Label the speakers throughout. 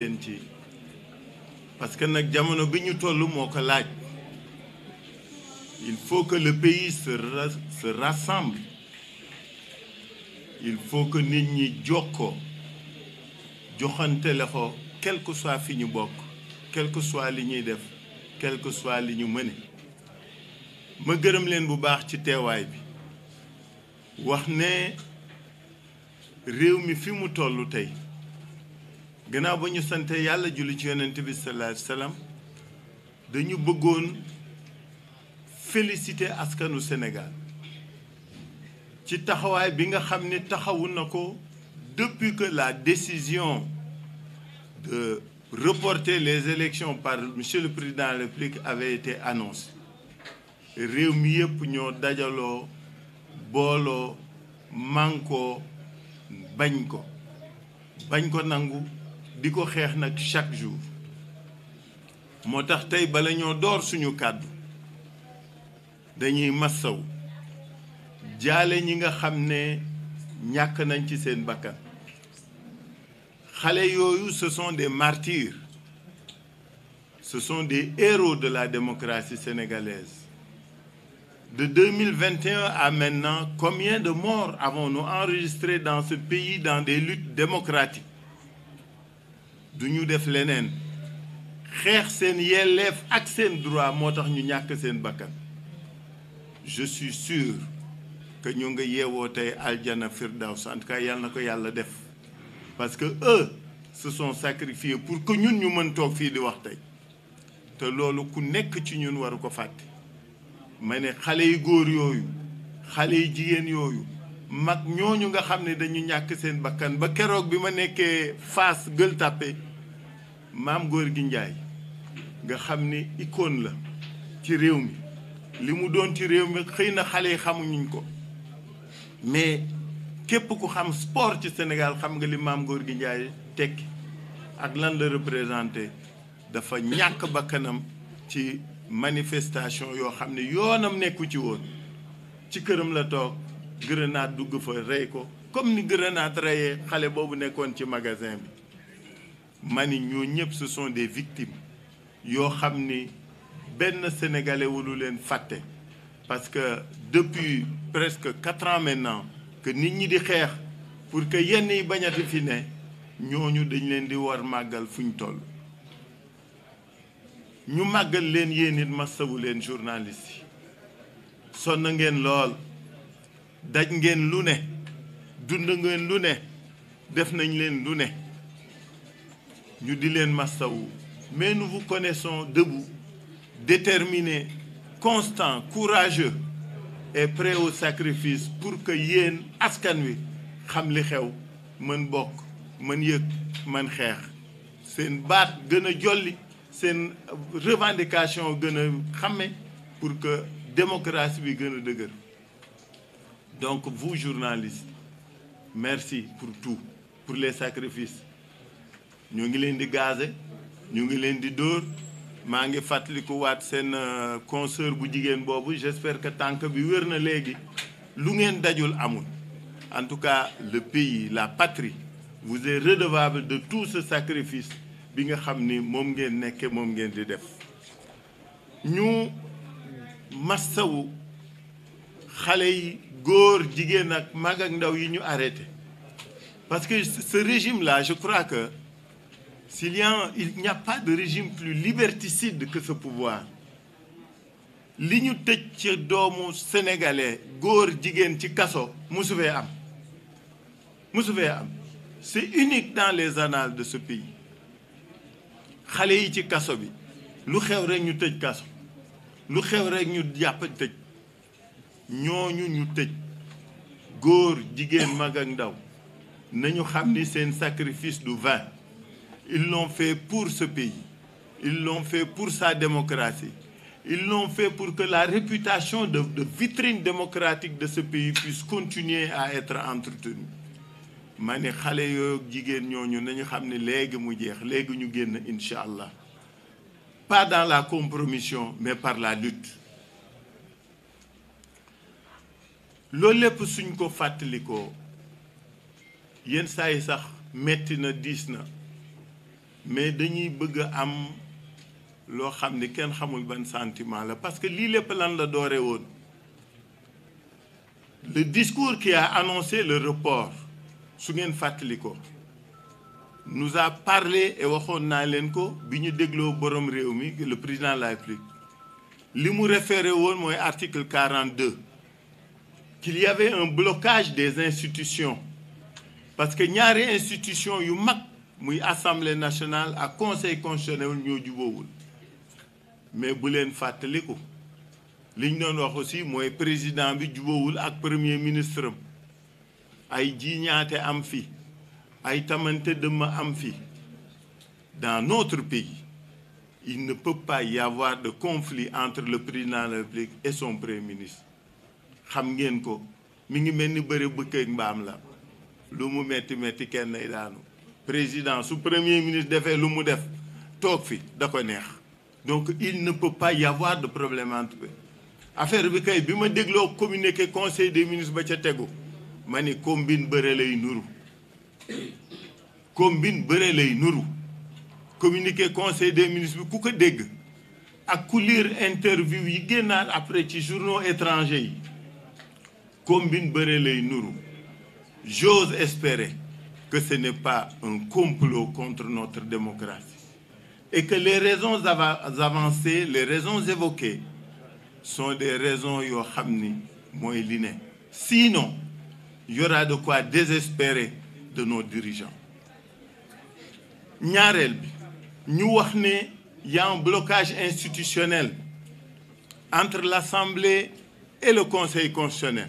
Speaker 1: ci parce que nak jamono bi ñu tollu moko laaj il faut que le pays se se rassemble il faut que nit ñi joko joxante loxo quel que soit fi ñu bokk quel que soit li ñuy def quel que soit li ñu mëne ma gërëm leen bu baax ci téway bi wax ne réew mi fi mu tollu tay gannaaw ba ñu sante Yalla julli ci yonent bi sallallahu alayhi wasallam sallam dañu bëggoon féliciter askanu Sénégal ci taxaway bi nga xamni taxawu depuis que la décision de reporter les élections par monsieur le président de la République avait été annoncée réew mi yëpp ñoo dajaloo booloo manko bañ ko bañ ko nangu diko xex nak chaque jour motax tay tey bala ñoo door suñu nous dañuy massaw jaale ñi nga ñak nañ ci ce sont des martyrs ce sont des héros de la démocratie sénégalaise de 2021 à maintenant combien de morts avons-nous enregistrés dans ce pays dans des luttes démocratiques du ñu def leneen xeex seen yelleef ak seen droit moo tax ñu ñàkk seen bakkan je suis sûr que ñu nga yeewoo tey aljana firdaws en tout yàlla na ko yàlla def parce que eux se sont sacrifiés pour que ñun ñu mën toog fii di wax tey te loolu ku nekk ci ñun waru ko fàtte ma ne xale yu góor yooyu xale yu jigéen yooyu mag ñooñu nga xam ne dañu ñàkk seen bakkan ba keroog bi ma nekkee fas Gueule Tapée maam góor gi njaay nga xam ni icône la ci réew mi li mu doon ci réew mi xëy na xale yi xamuñuñ ko mais képp ku xam sport ci Sénégal xam nga li maam góor gi njaay tekki ak lan la représenté dafa ñàkk bakkanam ci manifestation yoo xam ne yoonam nekku ci woon ci këram la toog grenade dugg fa rey ko comme ni grenade reyee xale boobu nekkoon ci magasin bi Mani ni ñoo ce sont des victimes Yo xam Ben benn sénégalais wulu leen faté, parce que depuis presque quatre ans maintenant que nit ñi di pour que yenn yi bañati fi ne ñooñu dañ leen di war magal fu Nyu toll ñu màggal leen yéen it leen journaliste Son sonn ngeen lool daj ngeen lu ne dund ngeen lu def nañ leen lu mais nous vous connaissons debout déterminé, constant, courageux et prêt au sacrifice pour que y askan wi xam li xew C'est une revendication pour que la démocratie soit plus donc vous journalistes merci pour tout pour les sacrifices ñu ngi leen di nous ñu ngi leen di dóor maa ngi fàttalikuwaat seen euh, consoeur bu jigéen boobu j'espère que tant bi vous na léegi lu ngeen dajul amul en tout cas le pays la patrie vous est redevable de tout ce sacrifice bi nga xam ni moom ngeen nekke moom ngeen di def ñu massawu xale yi góor arrêté parce que ce régime là je crois que s'il n'y a, pas de régime plus liberticide que ce pouvoir, li ñu sénégalais Gore jigéen ci kaso musu am am c'est unique dans les annales de ce pays xale yi ci kaso bi lu xew rek ñu tëj kaso lu xew rek ñu jàpp tëj ñu mag sacrifice de vin ils l'ont fait pour ce pays. Ils l'ont fait pour sa démocratie. Ils l'ont fait pour que la réputation de, vitrine démocratique de ce pays puisse continuer à être entretenue. pas dans la compromission mais par la lutte mais dañuy bëgg am lo xam kenn xamul ban sentiment la parce que li lepp lan la won le discours qui a annoncé le report su ngeen nous a parlé et nous na len ko le président de la République li mu référé à l'article article 42 qu'il y avait un blocage des institutions parce que ñaari institution yu mag muy assemblée nationale à conseil constitutionnel ñoo juboowul mais bu len pas. liñ doon wax aussi moy président bi juboowul ak premier ministre am ay jiiñaate am fi ay tamante ma am fi dans notre pays il ne peut pas y avoir de conflit entre le président de la République et son premier ministre xam ngeen ko mi ngi melni beureu bëre bëkk ak la lu mu metti metti kenn ay daanu président sous premier ministre de l'État, donc il ne peut pas y avoir de problème entre eux. affaire bi kay je conseil des ministres de la tegu Je combine combine conseil des ministres ku interview après ci journaux étrangers combine choses j'ose espérer que ce n'est pas un complot contre notre démocratie et que les raisons avancées, les raisons évoquées sont des raisons yohamni sinon il y aura de quoi désespérer de nos dirigeants Nyarelbi, bi y a un blocage institutionnel entre l'Assemblée et le Conseil constitutionnel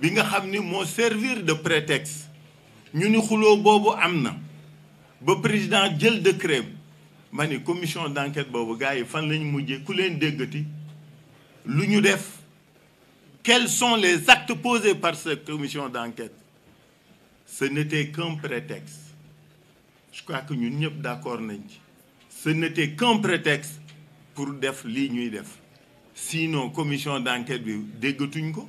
Speaker 1: bi nga xam ni moo servir de prétexte ñu ni xuloo boobu am na ba président jël de ma ni commission d'enquête boobu gars yi fan lañ mujjee ku leen déggati lu ñu def quels sont les actes posés par cette commission d'enquête ce n'était qu'un prétexte je crois que ñun ñëpp d'accord nañ ci ce n'était qu'un prétexte pour def lii ñuy def sinon commission d'enquête bi déggatuñ ko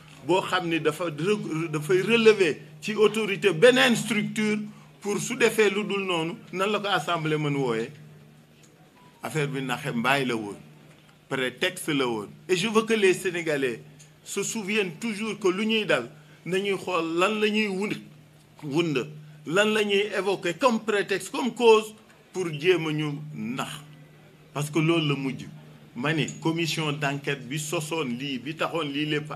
Speaker 1: boo xam ni dafa relever ci autorité beneen structure pour su defee lu non dans nan la assemblée mën wooyee affaire bi naxe mbaay la woon prétexte la woon et je veux que les sénégalais se souviennent toujours que lu ñuy dal nañuy xool lan la ñuy wund wund lan la ñuy évoquer comme prétexte comme cause pour dire a ñu nax parce que l'eau la mujj mané commission d'enquête bi li lii bi les lii lépp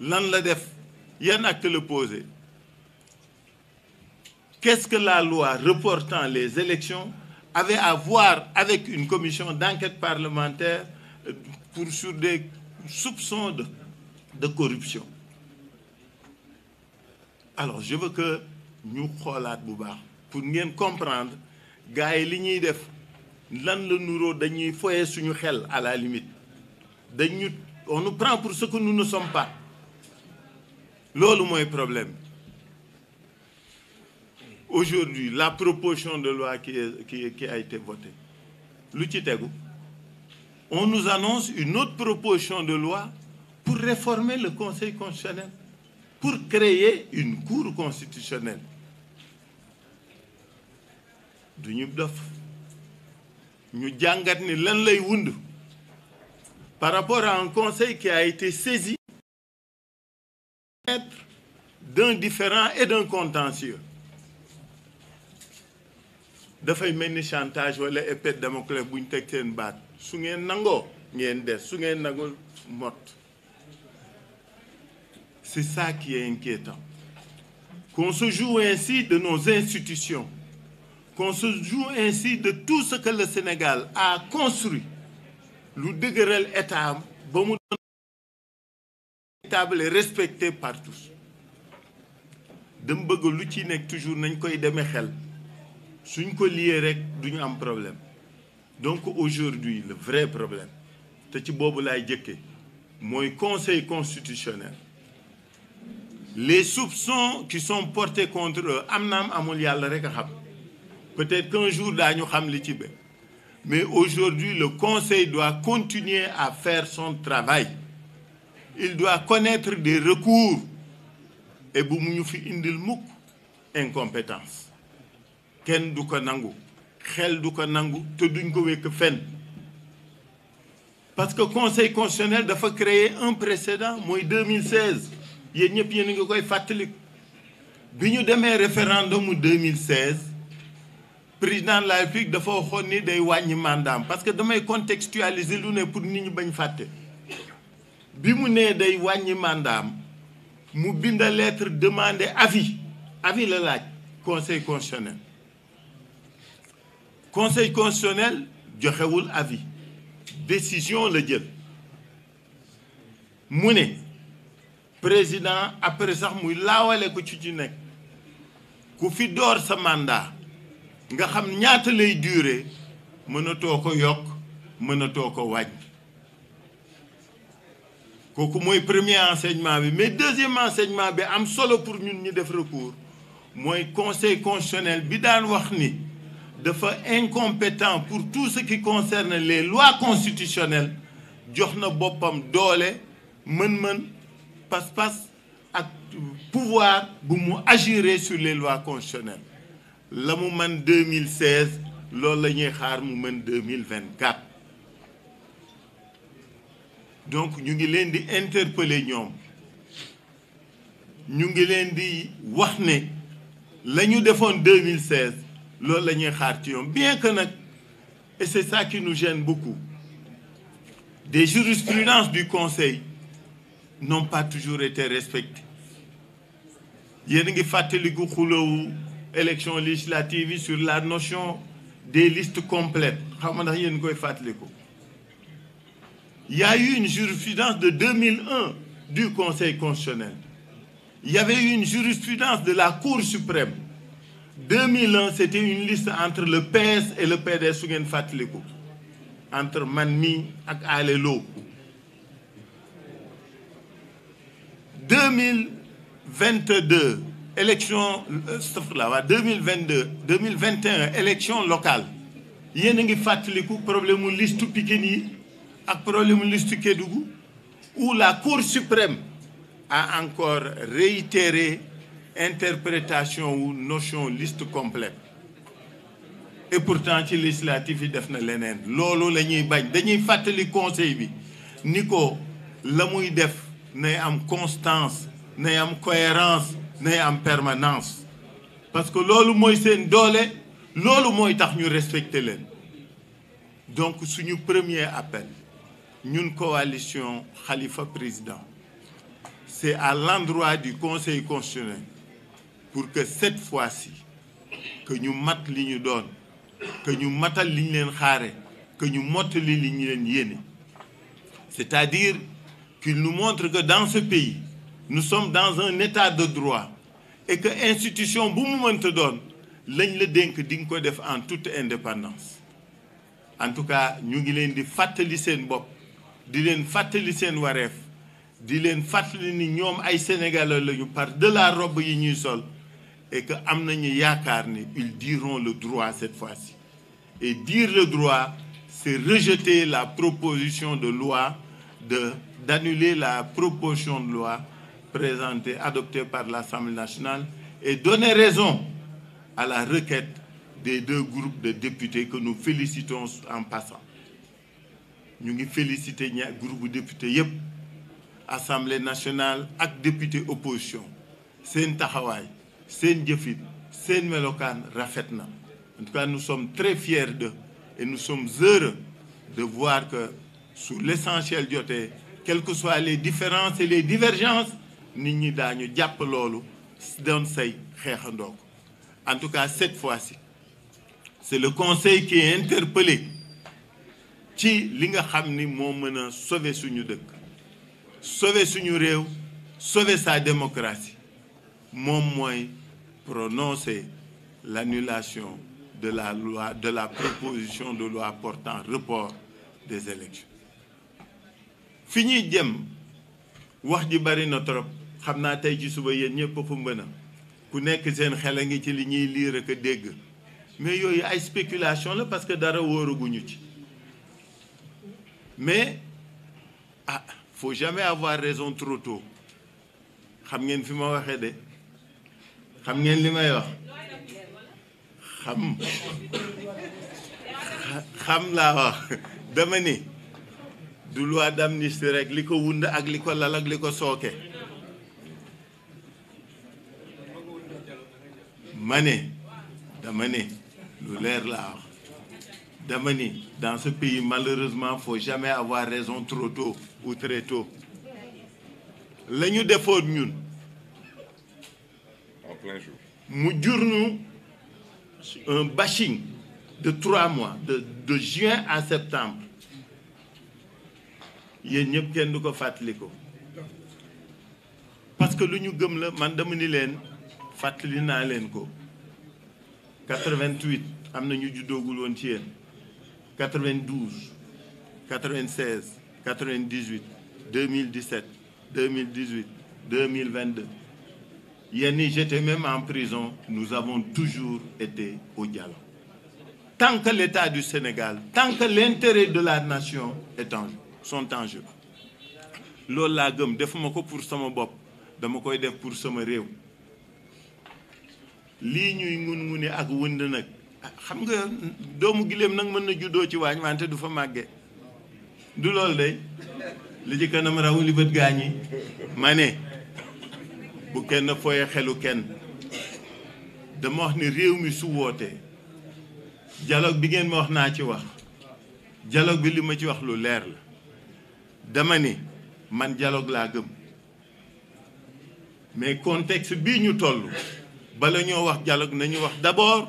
Speaker 1: lan la en a que le poser. qu'est-ce que la loi reportant les élections avait à voir avec une commission d'enquête parlementaire euh, pour, sur des soupçons de, corruption alors je veux que nous xolat pour comprendre gars li ñuy def lan dañuy à la limite on nous prend pour ce que nous ne sommes pas c'est moins problème aujourd'hui la proposition de loi qui a été votée on nous annonce une autre proposition de loi pour réformer le Conseil constitutionnel pour créer une cour constitutionnelle Nous avons par rapport à un conseil qui a été saisi d'un différent et d'un contentieux faut que ni chantage wala épée de mon club ñu teg seen baat su ngeen nangoo nango, c'est ça qui est inquiétant qu'on se joue ainsi de nos institutions qu'on se joue ainsi de tout ce que le Sénégal a construit lu dëgëral état ba et respecté par tous dama bëgg que ci toujours nañ koy demee xel suñ ko lié rek duñu am problème donc aujourd'hui le vrai problème c'est que le conseil constitutionnel les soupçons qui sont portés contre eux am naam rek peut-être qu'un jour daañu xam li ci be mais aujourd'hui le conseil doit continuer à faire son travail il doit connaître des recours et si nous avons fi indil incompétence Ken du nangu parce que le conseil constitutionnel a créer un précédent en 2016 Il ñëpp a ngi koy nous avons un référendum 2016 président de la République a fait ni mandat. parce que damay contextualiser qui pour nous faire bañ bi mu nee day wàññi mandam mu bind lettre demandé avis avis la laaj conseil constitutionnel conseil constitutionnel joxewul avis décision la jël mu ne président après sax muy laawale ko ci ci nekk ku fi door sa mandat nga xam ñaata lay durer mënatoo ko yokk mënatoo ko wàññi c'est moy premier enseignement bi mais deuxième enseignement bi am solo pour ñun ñi def recours conseil constitutionnel bi daan wax incompétent pour tout ce qui concerne les lois constitutionnelles joxna bopam pas pouvoir bu sur les lois constitutionnelles le moment 2016 lool la ñuy xaar 2024 donc nous avons interpellé nous interpeller Nous ñu ngi leen 2016 nous avons nous bien que et c'est ça qui nous gêne beaucoup des jurisprudences du conseil n'ont pas toujours été respectées y a des élections législatives législative sur la notion des listes complètes xam avons koy il y a eu une jurisprudence de 2001 du Conseil constitutionnel. Il y avait eu une jurisprudence de la Cour suprême. 2001, c'était une liste entre le PS et le PDS Sougen Fatliko, entre Manmi euh, et Alelo. 2022, élection, 2022, 2021, élection locale. Il y a un problème liste tout piqué le problème liste où la Cour suprême a encore réitéré interprétation ou notion liste complète et pourtant les législatif Lolo conseil bi l'amour def constance cohérence né permanence parce que ce qui est respecter donc notre premier appel une coalition Khalifa président c'est à l'endroit du conseil constitutionnel pour que cette fois-ci que nous mat li nous donne que nous matal li ñu que nous nous li ñu leen c'est-à-dire qu'il nous montre que dans ce pays nous sommes dans un état de droit et que l'institution bu mu nous donnons, lañ la dénk di en toute indépendance en tout cas nous ngi leen di fàttali seen di sénégalais robe et que ils diront le droit cette fois-ci et dire le droit c'est rejeter la proposition de loi de d'annuler la proposition de loi présentée adoptée par l'Assemblée nationale et donner raison à la requête des deux groupes de députés que nous félicitons en passant nous félicitons félicité groupe de députés l'Assemblée nationale ak députés opposition seen saint seen jëfit seen melokaan rafetna Rafetna. en tout cas nous sommes très fiers d'eux et nous sommes heureux de voir que sur l'essentiel jotee quelles que soient les différences et les divergences nous avons fait jàpp loolu en tout cas cette fois-ci c'est le conseil qui est interpellé ci li nga xamni mo meuna sauver suñu dëkk sauver suñu réew sauver sa démocratie mom moy prononcer l'annulation de la loi de la proposition de loi portant report des élections fi jëm wax ji bari na trop xamna tay ci suba yeen ñepp fu mëna ku nekk seen xel a ci li ñuy lire ak a dégg mais yooyu ay spéculation la parce que dara wóoraguñu ci mais ah faut jamais avoir raison trop tôt xam ngeen fi ma waxé dé xam ngeen limay wax xam xam la wax dama ni du loi d'amnistie rek liko ko wund ak liko lal ak liko ko mané dama ni lu leer la wax Damani, dans ce pays, malheureusement, il ne faut jamais avoir raison trop tôt ou très tôt. La de En plein jour. Nous avons un bashing de trois mois de juin à septembre Nous avons kenn parce que nous avons gëm la man dama ni 88 nous avons ñu 92, 96, 98, 2017, 2018, 2022. ni j'étais même en prison, nous avons toujours été au dialogue. Tant que l'État du Sénégal, tant que l'intérêt de la nation est en jeu, sont en jeu. pour pour xam nga doomu gileem nag mën na juddoo ci waañ wante du fa màgge du loolu day li ci kanam raw li bët gaañi ma ne bu kenn foye xelu kenn dama wax ni réew mi su wootee dialogue bi ngeen ma wax ci wax dialogue bi ci wax lu leer la dama ni man dialog lagem. gëm mais contexte bii ñu toll bala ñoo wax dialogue nañu wax d'abord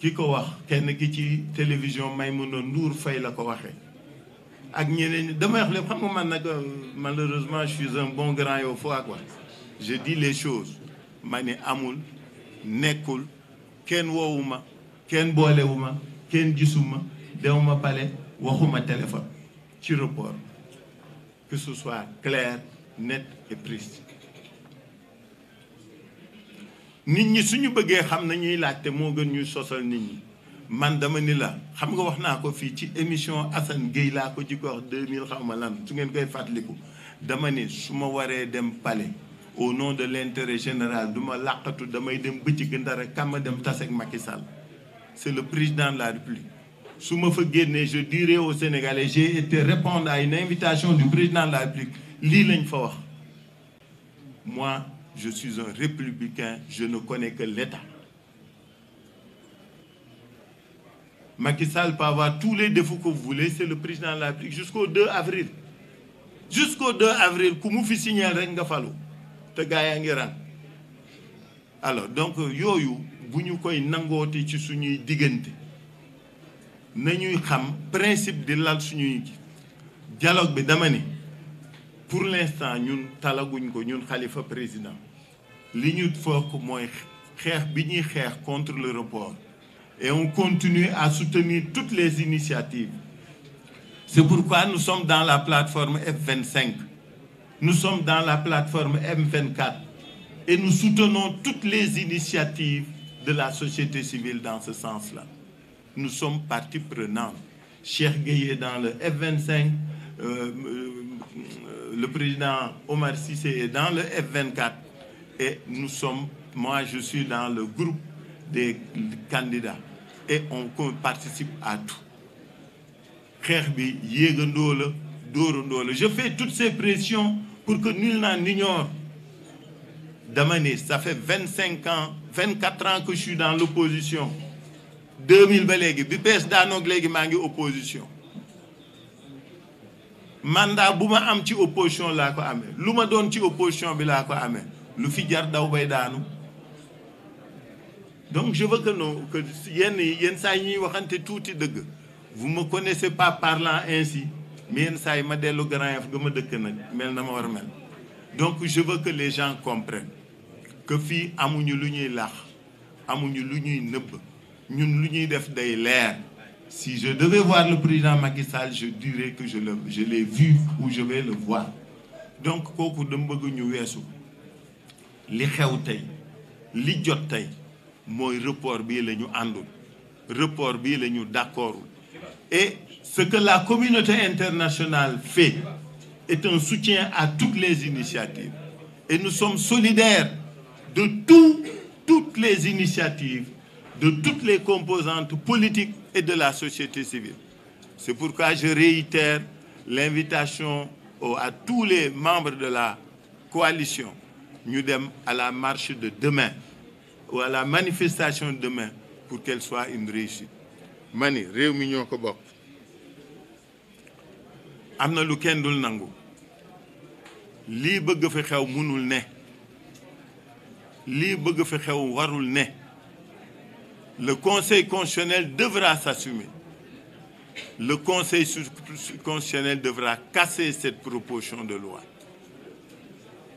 Speaker 1: ki ko wax kenn ki ci télévision Maïmouna nour fay la ko waxee ak ñeneen ñi wax xam nga man nak euh, malheureusement je suis un bon grand yow quoi je dis les choses mané amul nekkul kenn woowuma kenn boolewuma kenn gisuma dewuma pale waxuma téléphone ci report que ce soit clair net et précis nit ñi suñu bëggee xam nañuy laajte moo gën ñu sosal nit ñi man dama ni la xam nga wax naa ko fii ci émission Assane Gueye laa ko ji ko 2000 xaw ma lan su ngeen koy fàttaliku dama ni su ma waree dem palais au nom de l' intérêt général du ma làqatu damay dem bëccëg ndara kàmm dem ak Macky Sall c' est le président de la République su ma fa génnee je dirai aux Sénégalais j'ai été répondre à une invitation du président de la République lii lañ fa wax moi je suis un républicain, je ne connais que l'État. Macky Sall peut avoir tous les défauts que vous voulez, c'est le président de l'Afrique, jusqu'au 2 avril. Jusqu'au 2 avril, vous signe un Rengafalo. nga te un alors donc yoyou, bu ñu koy nous ci suñuy nañuy principe de lal suñuy dialogue bi pour l'instant nous talaguñ ko ñun président Ligne de contre le et on continue à soutenir toutes les initiatives c'est pourquoi nous sommes dans la plateforme F25 nous sommes dans la plateforme M24 et nous soutenons toutes les initiatives de la société civile dans ce sens-là nous sommes partie prenante Cher Gueye dans le F25 euh, euh, le président Omar Sissé est dans le F24 et nous sommes, moi je suis dans le groupe des candidats et on participe à tout. Je fais toutes ces pressions pour que nul n'en ignore. Damani, ça fait 25 ans, 24 ans que je suis dans l'opposition. 2000 ba léegi bi PS opposition mandat je suis am opposition lu fi jar daw bay donc je veux que nous, que yenn yi yenn saa yi ñuy waxante tuuti dëgg vous me connaissez pas parlant ainsi mais yenn saa yi ma dellu Grand Yoff ga ma dëkk mel na war mel donc je veux que les gens comprennent que Fi amuñu Luni ñuy laax amuñu lu ñuy nëbb ñun lu def day leer si je devais voir le président Macky Sall je dirais que je je l'ai vu ou je vais le voir donc kooku de bëgg ñu weesu les xew li jot report bii report et ce que la communauté internationale fait est un soutien à toutes les initiatives et nous sommes solidaires de toutes les initiatives de toutes les composantes politiques et de la société civile. C'est pourquoi je réitère l'invitation à tous les membres de la coalition nous sommes à la marche de demain ou à la manifestation de demain pour qu'elle soit une réussite warul le conseil constitutionnel devra s'assumer le conseil constitutionnel devra casser cette proposition de loi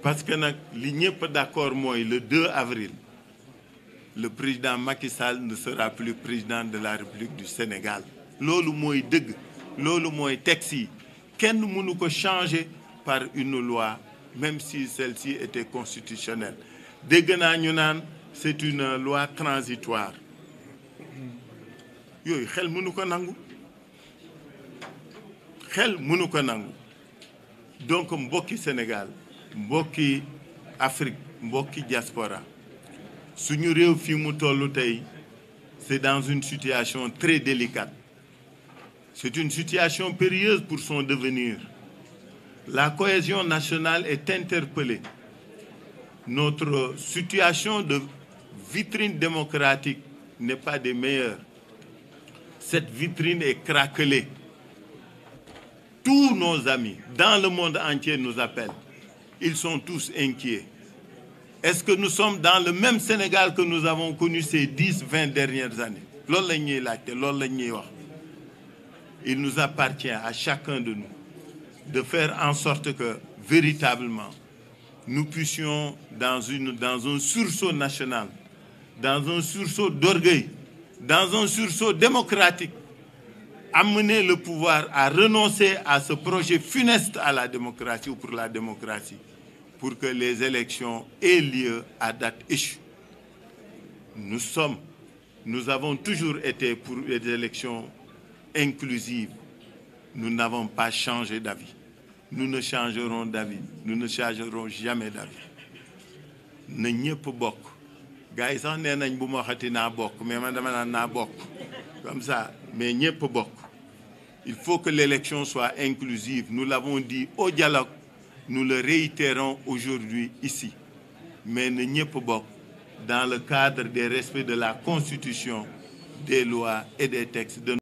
Speaker 1: parce que on li d'accord le 2 avril le président Macky Sall ne sera plus président de la République du Sénégal ce mooy dëgg loolu taxi. Qu'est-ce kenn mënu ko changer par une loi même si celle-ci était constitutionnelle dégg c'est une loi transitoire Yo, xel mënu ko nangu xel mënu nangu donc le Sénégal Mboki Afrique Mboki diaspora suñu au c'est dans une situation très délicate c'est une situation périlleuse pour son devenir la cohésion nationale est interpellée notre situation de vitrine démocratique n'est pas des meilleures cette vitrine est craquelée tous nos amis dans le monde entier nous appellent ils sont tous inquiets. Est-ce que nous sommes dans le même Sénégal que nous avons connu ces 10, 20 dernières années Il nous appartient à chacun de nous de faire en sorte que véritablement nous puissions dans, une, dans un sursaut national, dans un sursaut d'orgueil, dans un sursaut démocratique, amener le pouvoir à renoncer à ce projet funeste à la démocratie ou pour la démocratie pour que les élections aient lieu à date échue. Nous sommes, nous avons toujours été pour les élections inclusives. Nous n'avons pas changé d'avis. Nous ne changerons d'avis. Nous ne changerons jamais d'avis. ne gars mais pas comme ça mais il faut que l'élection soit inclusive nous l'avons dit au dialogue nous le réitérons aujourd'hui ici mais ne pas pas dans le cadre des respects de la Constitution des lois et des textes de